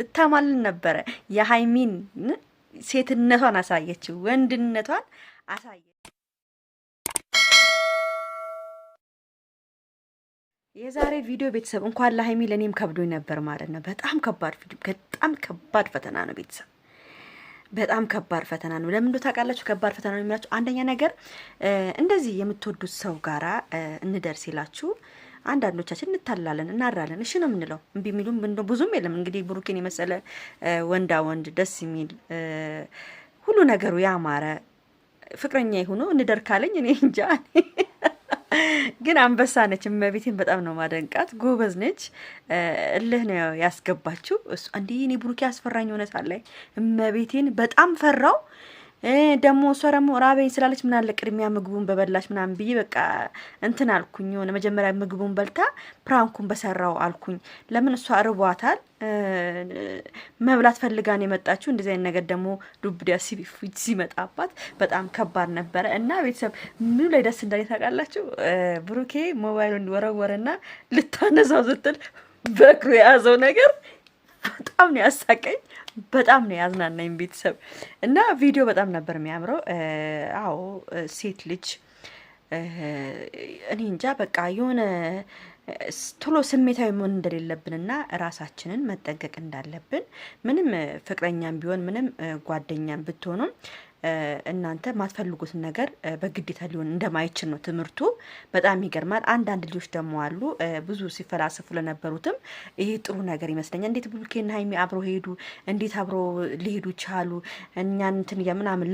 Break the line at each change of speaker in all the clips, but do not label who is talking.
ልታማልን ነበረ። የሀይሚን ሴትነቷን አሳየችው፣ ወንድነቷን አሳየች። የዛሬ ቪዲዮ ቤተሰብ እንኳን ለሀይሚ ለእኔም ከብዶኝ ነበር ማለት ነው። በጣም ከባድ ቪዲዮ፣ በጣም ከባድ ፈተና ነው ቤተሰብ በጣም ከባድ ፈተና ነው። ለምን ታውቃላችሁ? ከባድ ፈተና ነው የሚላችሁ አንደኛ ነገር እንደዚህ የምትወዱት ሰው ጋራ እንደርስ ይላችሁ አንዳንዶቻችን እንታላለን፣ እናራለን። እሺ ነው የምንለው። እምቢ የሚሉም ብዙም የለም። እንግዲህ ብሩኬን የመሰለ ወንዳ ወንድ ደስ የሚል ሁሉ ነገሩ ያማረ ፍቅረኛ የሆኖ እንደር ካለኝ እኔ እንጃ። ግን አንበሳ ነች። እመቤቴን በጣም ነው ማደንቃት። ጎበዝ ነች። እልህ ነው ያስገባችው። እንዲህ እኔ ብሩኬ አስፈራኝ። እውነት አለ። እመቤቴን በጣም ፈራው። ደግሞ እሷ ደግሞ ራበኝ ስላለች ምናለ ቅድሚያ ምግቡን በበላች ምናምን ብዬ በቃ እንትን አልኩኝ። የሆነ መጀመሪያ ምግቡን በልታ ፕራንኩን በሰራው አልኩኝ። ለምን እሷ እርቧታል መብላት ፈልጋን የመጣችው እንደዚህ አይነት ነገር ደግሞ ዱብዳ ሲመጣባት በጣም ከባድ ነበረ እና ቤተሰብ ምኑ ላይ ደስ እንዳለ ታውቃላችሁ። ብሩኬ ሞባይሉን ወረወረና ልታነሳው ስትል በእግሩ የያዘው ነገር በጣም ነው ያሳቀኝ፣ በጣም ነው ያዝናናኝ ቤተሰብ እና ቪዲዮ በጣም ነበር የሚያምረው። አዎ ሴት ልጅ እኔ እንጃ በቃ የሆነ ቶሎ ስሜታዊ መሆን እንደሌለብንና ራሳችንን መጠንቀቅ እንዳለብን ምንም ፍቅረኛም ቢሆን ምንም ጓደኛም ብትሆኑም እናንተ ማትፈልጉትን ነገር በግዴታ ሊሆን እንደማይችል ነው ትምህርቱ። በጣም ይገርማል። አንዳንድ ልጆች ደግሞ አሉ ብዙ ሲፈላሰፉ ለነበሩትም ይሄ ጥሩ ነገር ይመስለኛል። እንዴት ብሩኬና ሀይሚ አብሮ ሄዱ? እንዴት አብሮ ሊሄዱ ቻሉ? እኛን እንትን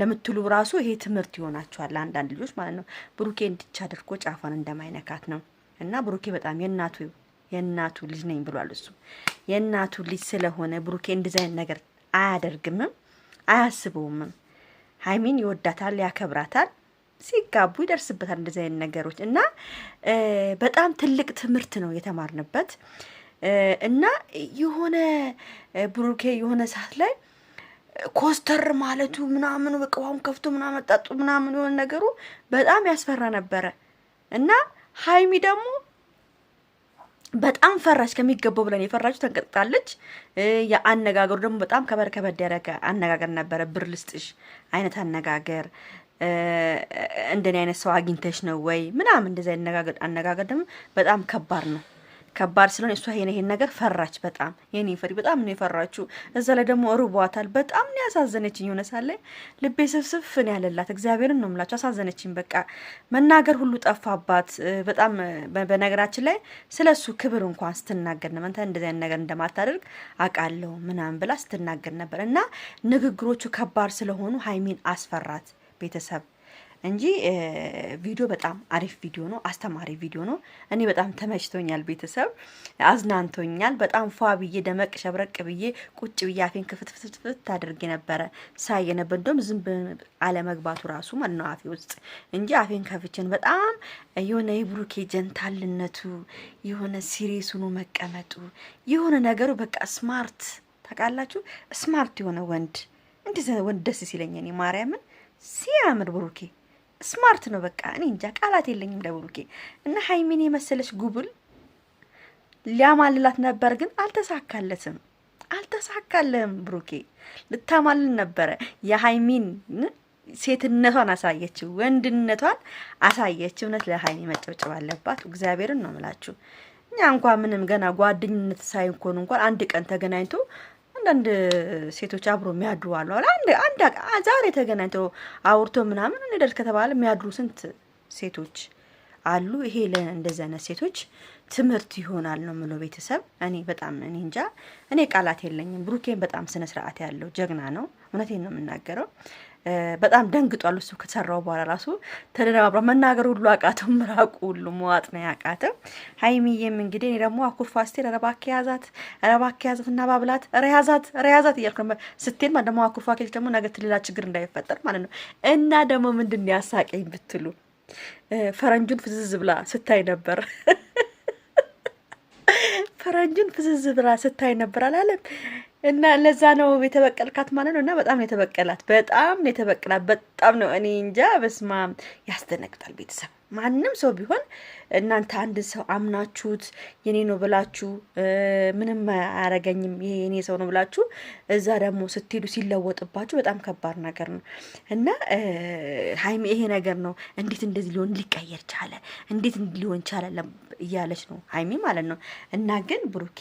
ለምትሉ ራሱ ይሄ ትምህርት ይሆናቸዋል። አንዳንድ ልጆች ማለት ነው ብሩኬ እንዲቻ አድርጎ ጫፏን እንደማይነካት ነው እና ብሩኬ በጣም የእናቱ የእናቱ ልጅ ነኝ ብሏል። እሱ የእናቱ ልጅ ስለሆነ ብሩኬ እንደዚህ አይነት ነገር አያደርግምም አያስበውምም። ሀይሚን ይወዳታል፣ ያከብራታል። ሲጋቡ ይደርስበታል እንደዚህ አይነት ነገሮች እና በጣም ትልቅ ትምህርት ነው የተማርንበት እና የሆነ ብሩኬ የሆነ ሰዓት ላይ ኮስተር ማለቱ ምናምኑ በቃውን ከፍቶ ምናምን መጣጡ ምናምን የሆነ ነገሩ በጣም ያስፈራ ነበረ እና ሀይሚ ደግሞ በጣም ፈራች፣ ከሚገባው ብለን የፈራችሁ ተንቀጥቅጣለች። የአነጋገሩ ደግሞ በጣም ከበር ከበድ ያደረገ አነጋገር ነበረ። ብር ልስጥሽ አይነት አነጋገር እንደኔ አይነት ሰው አግኝተሽ ነው ወይ ምናምን እንደዚ አነጋገር ደግሞ በጣም ከባድ ነው። ከባድ ስለሆነ እሷ ይሄን ይሄን ነገር ፈራች። በጣም የኔ ፈሪ በጣም ነው የፈራችሁ። እዛ ላይ ደግሞ ርቧታል። በጣም ነው ያሳዘነችኝ። የሆነ ሳለ ልቤ ስፍስፍ ነው ያለላት። እግዚአብሔርን ነው ምላቸው። አሳዘነችኝ። በቃ መናገር ሁሉ ጠፋባት። በጣም በነገራችን ላይ ስለ እሱ ክብር እንኳን ስትናገር ነበር አንተ እንደዚህ አይነት ነገር እንደማታደርግ አውቃለሁ ምናምን ብላ ስትናገር ነበር። እና ንግግሮቹ ከባድ ስለሆኑ ሀይሚን አስፈራት ቤተሰብ እንጂ ቪዲዮ በጣም አሪፍ ቪዲዮ ነው፣ አስተማሪ ቪዲዮ ነው። እኔ በጣም ተመችቶኛል፣ ቤተሰብ አዝናንቶኛል። በጣም ፏ ብዬ ደመቅ ሸብረቅ ብዬ ቁጭ ብዬ አፌን ክፍትፍትፍት አድርጌ ነበረ ሳይ የነበር እንደውም ዝም አለመግባቱ ራሱ ማለት ነው አፌ ውስጥ እንጂ አፌን ከፍቼን በጣም የሆነ የብሩኬ ጀንታልነቱ የሆነ ሲሪየስ ሆኖ መቀመጡ የሆነ ነገሩ በቃ ስማርት ታውቃላችሁ፣ ስማርት የሆነ ወንድ እንደዚህ ወንድ ደስ ሲለኝ እኔ ማርያምን ሲያምር ብሩኬ ስማርት ነው። በቃ እኔ እንጃ ቃላት የለኝም ለብሩኬ እና ሀይሚን የመሰለች ጉብል ሊያማልላት ነበር፣ ግን አልተሳካለትም። አልተሳካለም። ብሩኬ ልታማልን ነበረ። የሀይሚን ሴትነቷን አሳየችው ወንድነቷን አሳየች። እውነት ለሀይሚ መጨብጨብ አለባት። እግዚአብሔርን ነው ምላችሁ። እኛ እንኳ ምንም ገና ጓደኝነት ሳይሆን እንኳን አንድ ቀን ተገናኝቶ አንዳንድ ሴቶች አብሮ የሚያድሩ አሉ። አንድ ዛሬ ተገናኝተው አውርቶ ምናምን እንደርስ ከተባለ የሚያድሩ ስንት ሴቶች አሉ። ይሄ ለእንደዚህ አይነት ሴቶች ትምህርት ይሆናል ነው ምሎ ቤተሰብ። እኔ በጣም እኔ እንጃ እኔ ቃላት የለኝም። ብሩኬን በጣም ስነ ስርዓት ያለው ጀግና ነው። እውነቴን ነው የምናገረው። በጣም ደንግጧል። እሱ ከሰራው በኋላ ራሱ ተደረባብራ መናገር ሁሉ አቃተው። ምራቁ ሁሉ መዋጥ ነው ያቃተው። ሀይሚዬም እንግዲህ እኔ ደግሞ አኩርፋስቴል ረባክ ያዛት ረባክ ያዛት እና ባብላት ረያዛት ረያዛት እያልኩ ስቴል ማ ደግሞ አኩርፋ ኬች ደግሞ ነገ ትልላ ችግር እንዳይፈጠር ማለት ነው። እና ደግሞ ምንድን ያሳቀኝ ብትሉ ፈረንጁን ፍዝዝ ብላ ስታይ ነበር ፈረንጁን ፍዝዝ ብላ ስታይ ነበር አላለም እና ለዛ ነው የተበቀልካት ማለት ነው። እና በጣም ነው የተበቀላት፣ በጣም ነው የተበቀላት፣ በጣም ነው እኔ እንጃ። በስማ ያስደነግጣል ቤተሰብ ማንም ሰው ቢሆን እናንተ አንድ ሰው አምናችሁት የኔ ነው ብላችሁ ምንም አያረገኝም ይሄ የኔ ሰው ነው ብላችሁ እዛ ደግሞ ስትሄዱ ሲለወጥባችሁ በጣም ከባድ ነገር ነው እና ሀይሚ ይሄ ነገር ነው እንዴት እንደዚህ ሊሆን ሊቀየር ቻለ? እንዴት ሊሆን ቻለ? እያለች ነው ሀይሚ ማለት ነው። እና ግን ብሩኬ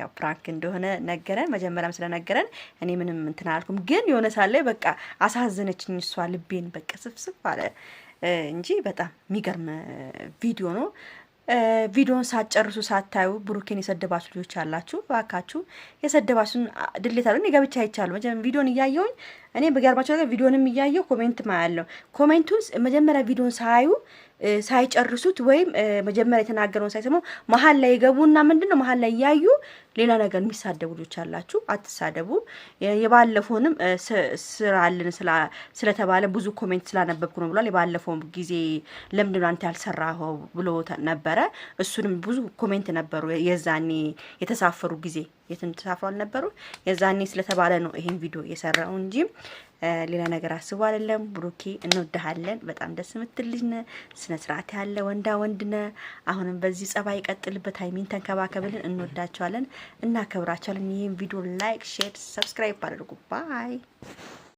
ያው ፕራንክ እንደሆነ ነገረን፣ መጀመሪያም ስለነገረን እኔ ምንም እንትን አላልኩም። ግን የሆነ ሳለ በቃ አሳዘነችኝ እሷ ልቤን በቃ ስፍስፍ አለ። እንጂ በጣም የሚገርም ቪዲዮ ነው። ቪዲዮን ሳትጨርሱ ሳታዩ ብሩኬን የሰደባችሁ ልጆች አላችሁ። እባካችሁ የሰደባችሁን ድሌት አሉ። እኔ ገብቼ አይቻሉ ቪዲዮን እያየውኝ እኔ በገርማቸው ነገር ቪዲዮንም እያየው ኮሜንት ማያለው። ኮሜንቱ መጀመሪያ ቪዲዮን ሳያዩ ሳይጨርሱት ወይም መጀመሪያ የተናገረውን ሳይሰሙ መሀል ላይ የገቡና ምንድን ነው መሀል ላይ እያዩ ሌላ ነገር የሚሳደቡ ልጆች አላችሁ። አትሳደቡ። የባለፈውንም ስራልን ስለተባለ ብዙ ኮሜንት ስላነበብኩ ነው ብሏል። የባለፈውን ጊዜ ለምንድን አንተ ያልሰራኸው ብሎ ነበረ። እሱንም ብዙ ኮሜንት ነበሩ። የዛኔ የተሳፈሩ ጊዜ የትም ተሳፍሮ አልነበሩ። የዛኔ ስለተባለ ነው ይሄን ቪዲዮ የሰራው እንጂ ሌላ ነገር አስቡ አይደለም። ብሩኬ እንወድሃለን። በጣም ደስ የምትልጅ ነ ስነ ስርዓት ያለ ወንዳ ወንድ ነ አሁንም በዚህ ጸባይ ይቀጥልበት። ሀይሚን ተንከባከብልን። እንወዳቸዋለን፣ እናከብራቸዋለን። ይህን ቪዲዮ ላይክ፣ ሼር፣ ሰብስክራይብ አድርጉ። ባይ